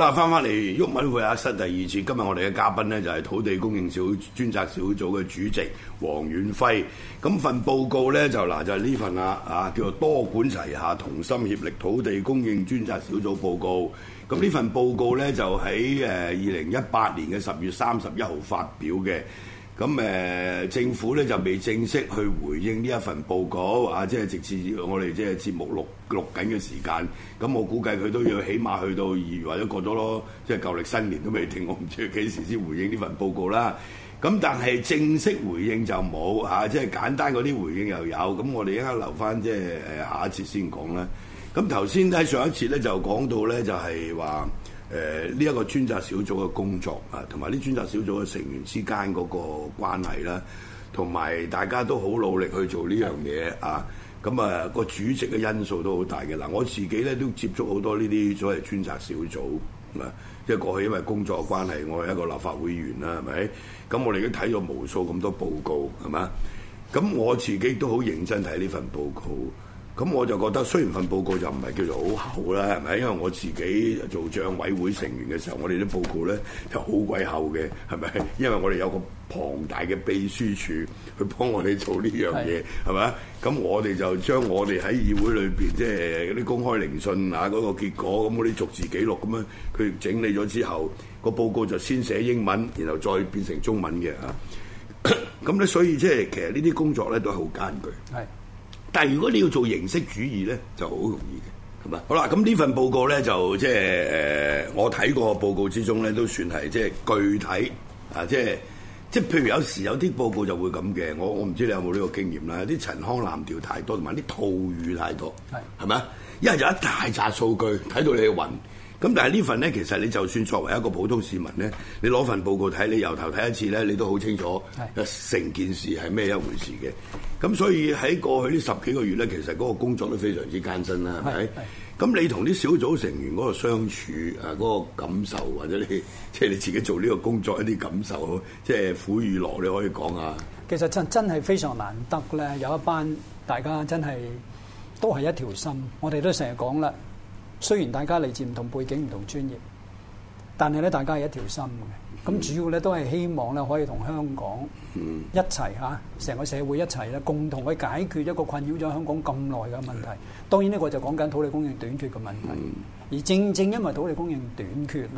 嗱，翻返嚟毓民會客室第二次，今日我哋嘅嘉賓呢，就係土地供應小專責小組嘅主席黃遠輝。咁份報告呢，就嗱就係呢份啦，啊，叫做多管齊下同心協力土地供應專責小組報告。咁呢份報告呢，就喺誒二零一八年嘅十月三十一號發表嘅。咁誒、呃，政府咧就未正式去回應呢一份報告啊，即係直至我哋即係節目錄錄緊嘅時間。咁我估計佢都要起碼去到二或者過咗咯，即係舊歷新年都未定，我唔知幾時先回應呢份報告啦。咁但係正式回應就冇嚇、啊，即係簡單嗰啲回應又有。咁我哋一陣留翻即係、呃、下一次先講啦。咁頭先喺上一次咧就講到咧就係、是、話，誒呢一個專責小組嘅工作啊，同埋啲專責小組嘅成員之間嗰個關係啦，同埋大家都好努力去做呢樣嘢啊，咁啊個主席嘅因素都好大嘅。嗱，我自己咧都接觸好多呢啲所謂專責小組啊，即係過去因為工作嘅關係，我係一個立法會員啦，係咪？咁我哋已經睇咗無數咁多報告係嘛，咁我自己都好認真睇呢份報告。咁我就覺得，雖然份報告就唔係叫做好厚啦，係咪？因為我自己做帳委會成員嘅時候，我哋啲報告咧就好鬼厚嘅，係咪？因為我哋有個龐大嘅秘書處去幫我哋做呢樣嘢，係咪？咁我哋就將我哋喺議會裏邊，即係嗰啲公開聆訊啊，嗰個結果咁嗰啲逐字記錄咁樣，佢整理咗之後，個報告就先寫英文，然後再變成中文嘅嚇。咁、啊、咧， 所以即係、就是、其實呢啲工作咧都係好艱巨。係。但係如果你要做形式主義咧，就好容易嘅，係嘛？好啦，咁呢份報告咧，就即係誒，我睇過報告之中咧，都算係即係具體啊，即係即係譬如有時有啲報告就會咁嘅，我我唔知你有冇呢個經驗啦，有啲陳腔濫調太多，同埋啲套語太多，係係咪啊？因為有一大扎數據睇到你去混。咁但係呢份咧，其實你就算作為一個普通市民咧，你攞份報告睇，你由頭睇一次咧，你都好清楚，成件事係咩一回事嘅。咁所以喺過去呢十幾個月咧，其實嗰個工作都非常之艱辛啦，係咪？咁你同啲小組成員嗰度相處啊，嗰個感受或者你即係你自己做呢個工作一啲感受，即係苦與樂，你可以講下。其實真真係非常難得咧，有一班大家真係都係一條心。我哋都成日講啦。雖然大家嚟自唔同背景、唔同專業，但係咧大家係一條心嘅。咁主要咧都係希望咧可以同香港一齊吓，成、啊、個社會一齊咧共同去解決一個困擾咗香港咁耐嘅問題。當然呢個就講緊土地供應短缺嘅問題。而正正因為土地供應短缺咧，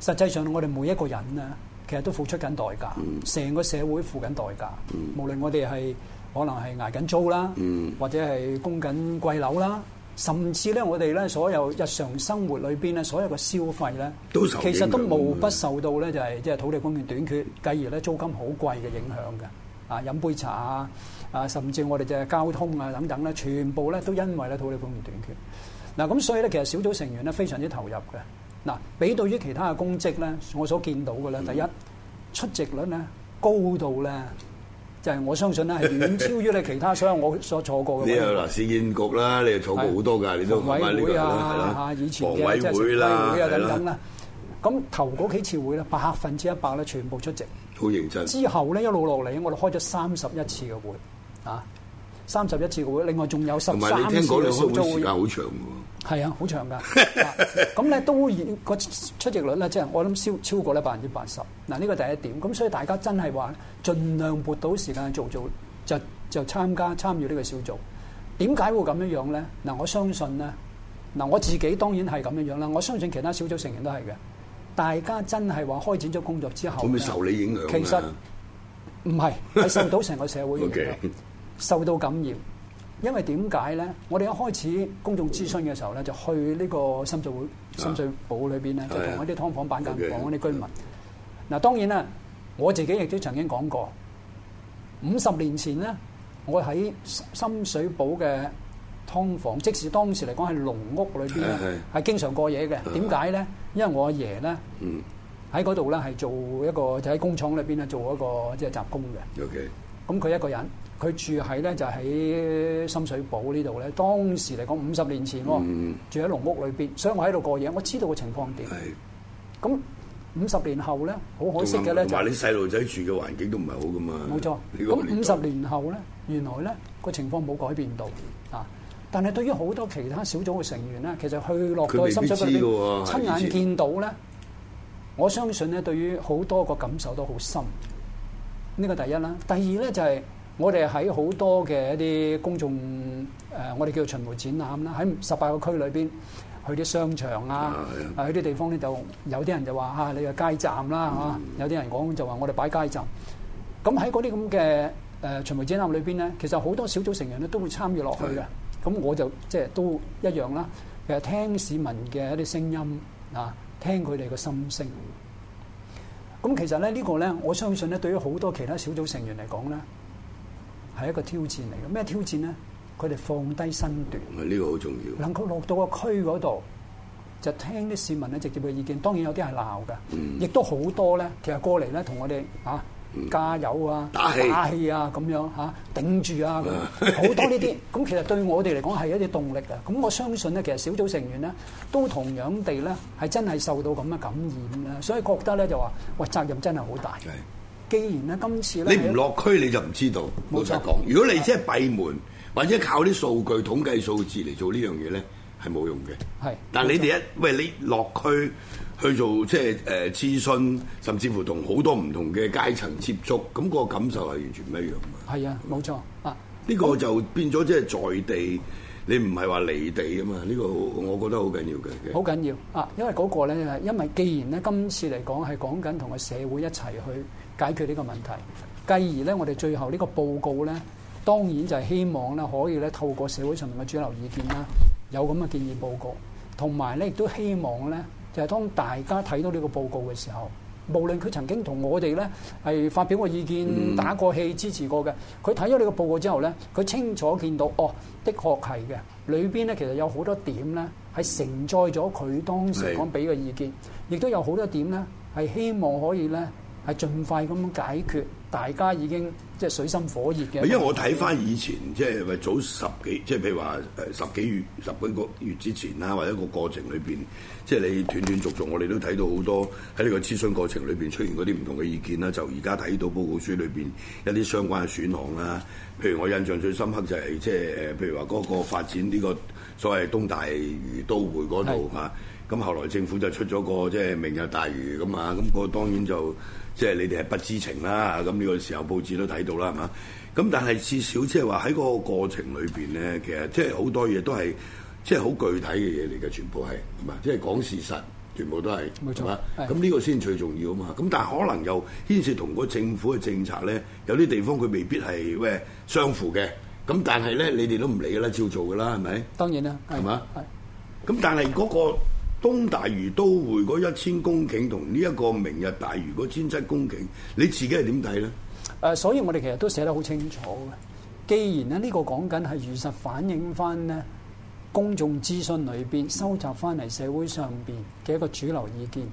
實際上我哋每一個人咧其實都付出緊代價，成個社會付緊代價。無論我哋係可能係捱緊租啦，或者係供緊貴樓啦。甚至咧，我哋咧所有日常生活裏邊咧，所有嘅消費咧，其實都無不受到咧就係即係土地供應短缺，繼而咧租金好貴嘅影響嘅。啊，飲杯茶啊，啊，甚至我哋嘅交通啊等等咧，全部咧都因為咧土地供應短缺。嗱，咁所以咧，其實小組成員咧非常之投入嘅。嗱，比對於其他嘅公職咧，我所見到嘅咧，第一出席率咧高到咧。就係、是、我相信咧，係遠超於你其他所有我所坐過嘅。 你又嗱，市建局啦，你又坐過好多㗎，你都同埋呢個啦，係啦、啊。房委會啦，等等啦。咁頭嗰幾次會咧，百分之一百咧，全部出席。好認真。之後咧，一路落嚟，我哋開咗三十一次嘅會。啊！三十一次嘅會，另外仲有十三次嘅小組會，係啊，好長㗎。咁咧都個出席率咧，即係我諗超超過咧百分之八十。嗱，呢個第一點。咁所以大家真係話，儘量撥到時間去做做，就就參加參與呢個小組。點解會咁樣樣咧？嗱，我相信咧，嗱我自己當然係咁樣樣啦。我相信其他小組成員都係嘅。大家真係話開展咗工作之後，會唔會受你影響？其實唔係，係受到成個社會嘅影響。 okay. 受到感染，因為點解咧？我哋一開始公眾諮詢嘅時候咧，就去呢個深水埗、深水埗裡邊咧，就同一啲劏房板間房啲居民。嗱、啊，當然啦，我自己亦都曾經講過，五十年前咧，我喺深水埗嘅劏房，即使當時嚟講係農屋裡邊咧，係、啊、經常過夜嘅。點解咧？因為我阿爺咧，嗯，喺嗰度咧係做一個就喺工廠裡邊咧做一個即係雜工嘅。OK，咁佢一個人。佢住喺咧就喺、是、深水埗呢度咧，當時嚟講五十年前喎、嗯，住喺農屋裏邊，所以我喺度過夜。我知道個情況點。咁五十年後咧，好可惜嘅咧，就話你細路仔住嘅環境都唔係好噶嘛。冇錯。咁五十年後咧，原來咧個情況冇改變到啊。但係對於好多其他小組嘅成員咧，其實去落到深水埗裡面，親眼見到咧，我相信咧，對於好多個感受都好深。呢、呢個第一啦，第二咧就係、是。我哋喺好多嘅一啲公眾誒、呃，我哋叫做巡迴展覽啦，喺十八個區裏邊，去啲商場啊，去啲、啊、地方咧，就有啲人就話吓、啊、你嘅街站啦、啊，吓有啲人講就話我哋擺街站，咁喺嗰啲咁嘅誒巡迴展覽裏邊咧，其實好多小組成員咧都會參與落去嘅。咁我就即係都一樣啦。其實聽市民嘅一啲聲音啊，聽佢哋嘅心聲。咁其實咧呢、呢個咧，我相信咧，對於好多其他小組成員嚟講咧。係一個挑戰嚟嘅，咩挑戰咧？佢哋放低身段，呢、這個好重要。能夠落到個區嗰度，就聽啲市民咧直接嘅意見。當然有啲係鬧㗎，亦都好多咧。其實過嚟咧同我哋、啊嗯、加油啊、打氣啊咁樣嚇頂、啊、住啊，好、啊、多呢啲。咁 其實對我哋嚟講係一啲動力啊。咁我相信咧，其實小組成員咧都同樣地咧係真係受到咁嘅感染啦。所以覺得咧就話，喂責任真係好大。既然咧，今次咧，你唔落區，你就唔知道。冇錯，老實講，如果你即係閉門、啊、或者靠啲數據統計數字嚟做呢樣嘢咧，係冇用嘅。係，但係你哋一喂你落區去做即係誒諮詢，甚至乎同好多唔同嘅階層接觸，咁個感受係完全唔一樣嘅。係啊，冇錯。啊。呢個就變咗即係在地，你唔係話離地啊嘛？呢個我覺得好緊要嘅。好緊要啊！因為嗰個咧因為既然咧今次嚟講，係講緊同個社會一齊去，解決呢個問題，繼而咧，我哋最後呢個報告咧，當然就係希望咧，可以咧透過社會上面嘅主流意見啦，有咁嘅建議報告，同埋咧亦都希望咧，就係、是、當大家睇到呢個報告嘅時候，無論佢曾經同我哋咧係發表過意見、嗯、打過氣支持過嘅，佢睇咗呢個報告之後咧，佢清楚見到，哦，的確係嘅，裏邊咧其實有好多點咧係承載咗佢當時講俾嘅意見，亦都有好多點咧係希望可以咧。係盡快咁解決，大家已經即係水深火熱嘅。因為我睇翻以前，即係咪早十幾，即係譬如話誒十幾月、十幾個月之前啦，或者個過程裏邊，即係你斷斷續續，我哋都睇到好多喺呢個諮詢過程裏邊出現嗰啲唔同嘅意見啦。就而家睇到報告書裏邊一啲相關嘅選項啦。譬如我印象最深刻就係即係誒，即係譬如話嗰個發展呢個所謂東大魚都會嗰度嚇。咁後來政府就出咗個即係明日大嶼咁啊，咁嗰當然就即係、就是、你哋係不知情啦。咁呢個時候報紙都睇到啦，係嘛？咁但係至少即係話喺個個過程裏面咧，其實即係好多嘢都係即係好具體嘅嘢嚟嘅，全部係，即係講事實，全部都係，冇錯，咁呢個先最重要啊嘛。咁但係可能又牽涉同個政府嘅政策咧，有啲地方佢未必係喂，相符嘅。咁但係咧，你哋都唔理啦，照做㗎啦，係咪？當然啦，係嘛？係。咁但係嗰、那個。東大嶼都會嗰一千公頃同呢一個明日大嶼嗰千七公頃，你自己係點睇咧？誒，所以我哋其實都寫得好清楚嘅。既然咧呢個講緊係如實反映翻咧公眾諮詢裏面收集翻嚟社會上面嘅一個主流意見，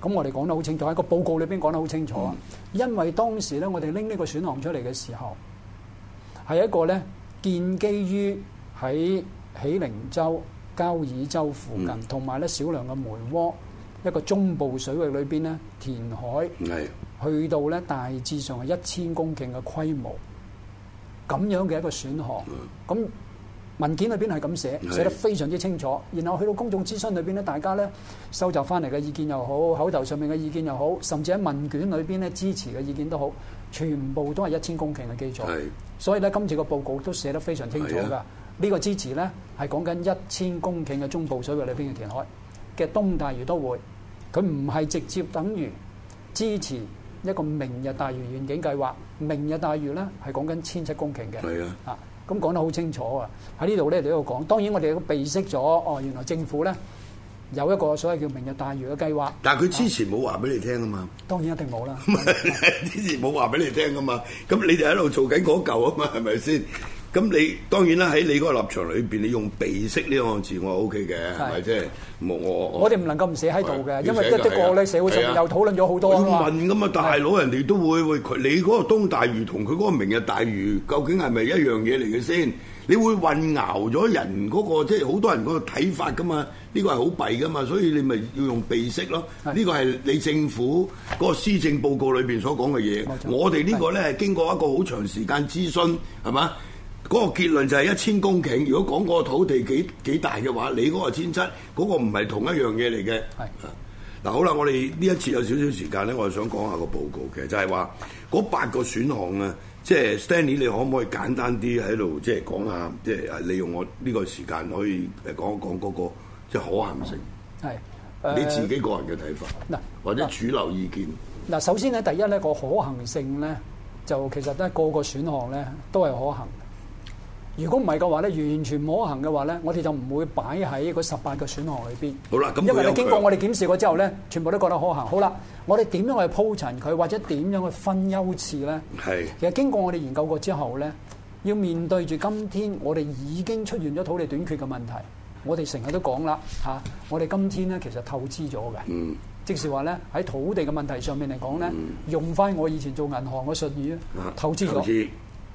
咁我哋講得好清楚喺個報告裏面講得好清楚。嗯、因為當時咧我哋拎呢個選項出嚟嘅時候，係一個咧建基於喺喜靈洲，交椅洲附近，同埋咧少量嘅梅窩，一個中部水域裏邊咧填海，去到咧大致上係一千公頃嘅規模，咁樣嘅一個選項。咁文件裏邊係咁寫，寫得非常之清楚。然後去到公眾諮詢裏邊咧，大家咧收集翻嚟嘅意見又好，口頭上面嘅意見又好，甚至喺問卷裏邊咧支持嘅意見都好，全部都係一千公頃嘅基礎。所以咧今次個報告都寫得非常清楚噶。呢個支持咧係講緊一千公頃嘅中部水域裏邊嘅填海嘅東大嶼都會，佢唔係直接等於支持一個明日大嶼願景計劃。明日大嶼咧係講緊千七公頃嘅，係啊，啊咁講得好清楚啊！喺呢度咧你喺度講，當然我哋都避識咗哦，原來政府咧有一個所謂叫明日大嶼嘅計劃。但係佢之前冇話俾你聽啊嘛，當然一定冇啦，之前冇話俾你聽啊嘛，咁你哋喺度做緊嗰嚿啊嘛，係咪先？咁你當然啦，喺你嗰個立場裏面，你用避飾呢個字我係 O K 嘅，係咪即係我我我哋唔能夠唔寫喺度嘅，因為即係啲社會上面又討論咗好多啊！我問咁啊，大佬人哋都會會佢你嗰個東大嶼同佢嗰個明日大嶼，究竟係咪一樣嘢嚟嘅先？你會混淆咗人嗰、嗰個即係好多人嗰個睇法噶嘛？呢、呢個係好弊噶嘛，所以你咪要用避飾咯。呢、呢個係你政府個施政報告裏面所講嘅嘢。我哋呢個咧經過一個好長時間諮詢，係嘛？嗰、那個結論就係一千公頃。如果講個個土地幾幾大嘅話，你嗰個遷出嗰個唔係同一樣嘢嚟嘅。嗱、啊、好啦，我哋呢一次有少少時間咧，我就想講下個報告嘅，就係話嗰八個選項啊，即、就、係、是、Stanley，你可唔可以簡單啲喺度即係講下，即、就、係、是就是、利用我呢個時間可以誒講一講嗰個即係、就是、可行性、呃？你自己個人嘅睇法嗱、呃，或者主流意見嗱、呃呃。首先咧，第一咧、那個可行性咧，就其實呢個個選項咧都係可行。如果唔係嘅話咧，完全唔可行嘅話咧，我哋就唔會擺喺嗰十八個選項裏邊。好啦，咁因為你經過我哋檢視過之後咧，全部都覺得可行。好啦，我哋點樣去鋪陳佢，或者點樣去分優次咧？係。其實經過我哋研究過之後咧，要面對住今天我哋已經出現咗土地短缺嘅問題，我哋成日都講啦嚇，我哋今天咧其實透支咗嘅。嗯。即是話咧，喺土地嘅問題上面嚟講咧，用翻我以前做銀行嘅術語啊，透支咗。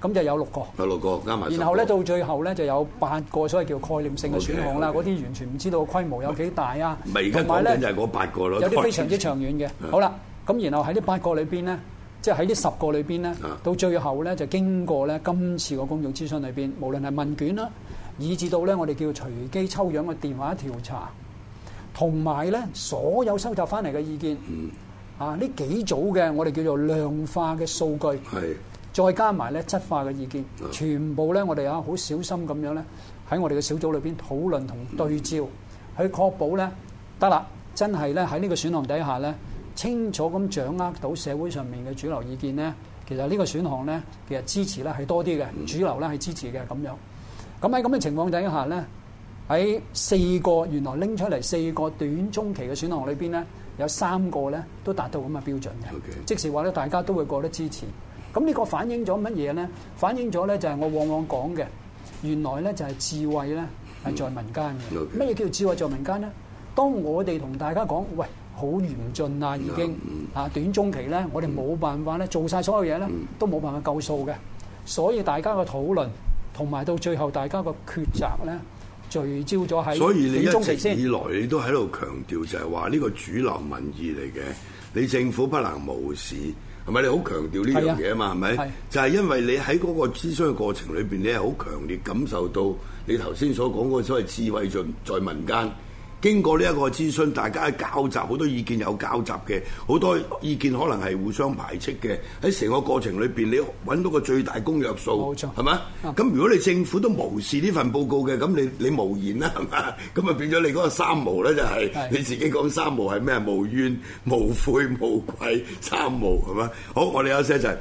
咁就有六個，六個加埋。然後咧到最後咧就有八個，所謂叫概念性嘅選項啦。嗰、okay，啲、okay。完全唔知道規模有幾大啊。未，而家講就係、是、嗰八個咯。有啲非常之長遠嘅。好啦，咁然後喺呢八個裏邊咧，即係喺呢十個裏邊咧，到最後咧就經過咧今次個公眾諮詢裏邊無論係問卷啦，以至到咧我哋叫隨機抽樣嘅電話調查，同埋咧所有收集翻嚟嘅意見。嗯、啊，呢幾組嘅我哋叫做量化嘅數據。再加埋咧，執法嘅意見，全部咧，我哋嚇好小心咁樣咧，喺我哋嘅小組裏面討論同對照，去確保咧得啦。真係咧喺呢個選項底下咧，清楚咁掌握到社會上面嘅主流意見咧。其實呢個選項咧，其實支持咧係多啲嘅主流咧係支持嘅咁樣。咁喺咁嘅情況底下咧，喺四個原來拎出嚟四個短中期嘅選項裏邊咧，有三個咧都達到咁嘅標準嘅，okay. 即是話咧大家都會覺得支持。咁呢個反映咗乜嘢咧？反映咗咧就係我往往講嘅，原來咧就係智慧咧係在民間嘅。乜、okay. 嘢叫智慧在民間咧？當我哋同大家講，喂，好嚴峻啊，已經啊短中期咧，我哋冇辦法咧、嗯、做晒所有嘢咧，都冇辦法夠數嘅。所以大家嘅討論同埋到最後大家嘅抉擇咧、嗯，聚焦咗喺短中期先。所以你一直以來你都喺度強調就係話呢個主流民意嚟嘅，你政府不能無視。係咪你好強調呢樣嘢啊？嘛係咪？就係、是、因為你喺嗰個諮詢嘅過程裏面，你好強烈感受到你頭先所講嗰所謂智慧在在民間。經過呢一個諮詢，大家交集好多意見有交集嘅，好多意見可能係互相排斥嘅。喺成個過程裏邊，你揾到一個最大公約數，冇錯，係嘛？咁、嗯、如果你政府都無視呢份報告嘅，咁你你無言啦，係嘛？咁啊變咗你講三無咧、就係，就係你自己講三無係咩？無怨、無悔、無愧，三無，係嘛？好，我哋休息一陣。